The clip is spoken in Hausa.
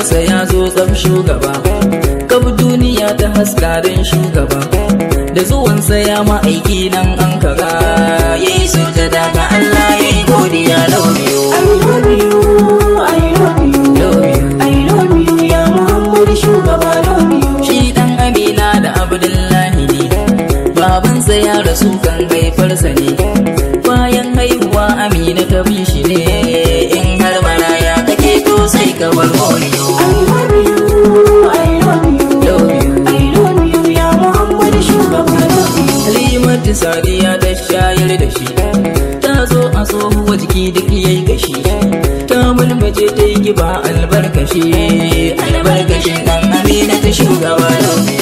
sa ya zo tsam shugaba kaf duniya ta haskarin shugaba da zuwansa ya ma aiki nan an kaga yayi sujada ga Allah yi godiya ne. Babansa ya rasu kan haifarsa ne, bayan haihuwa amina ta bi shi ne. double albarkashi, ya Sadiya ta shayar da shi Ta zo a tsohuwa jiki duk yayi gashi Ta mulmace ta yi giba albarkashi albarkashi ɗan Amina ta shugaba